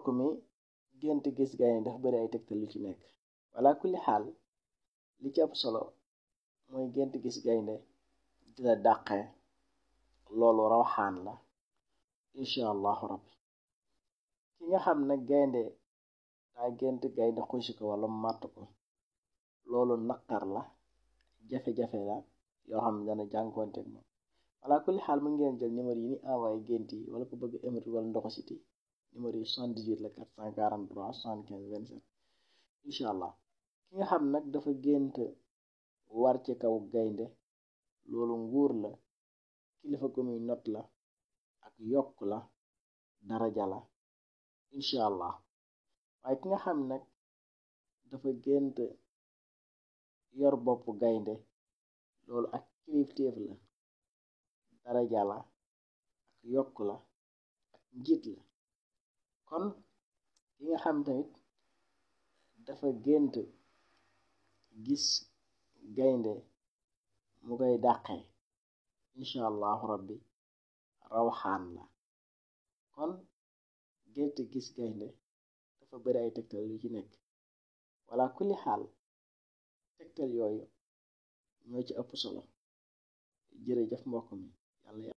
mbokk mi gént gis gaynde ndax bari ay tegtal lu ci nekk wala kulli xaal li ci am solo mooy gént gis gaynde di la dàqe loolu rawxaan la incha allahu rabbi ki nga xam nag gaynde daa gént gaynde xuusi ko wala màtt ko loolu naqar la jafe-jafe la yoo xam ne dana jànkoonte moom wala kulli xaal mu ngeen jël numéro yi ni envoyé gént yi wala ko bëgg éméti wala ndoxu siti numéro yi 78 la 443 75 27 incha allah ki nga xam nag dafa gént war ci kaw gaynde loolu nguur la kilifa ko muy not la ak yokk la daraja la incha allah waaye ki nga xam nag dafa gént yor bopp gaynde loolu ak kilifteef la daraja la ak yokk la ak njiit la kon ki nga xam tamit dafa gént gis gaynde mu koy dàqe incha allahu rabbi rawxaan la kon gént gis gaynde dafa bari ay tegtal yu ci nekk wala kulli xaal tegtal yooyu ñoo ci ëpp solo jërëjëf mbokk mi yàlla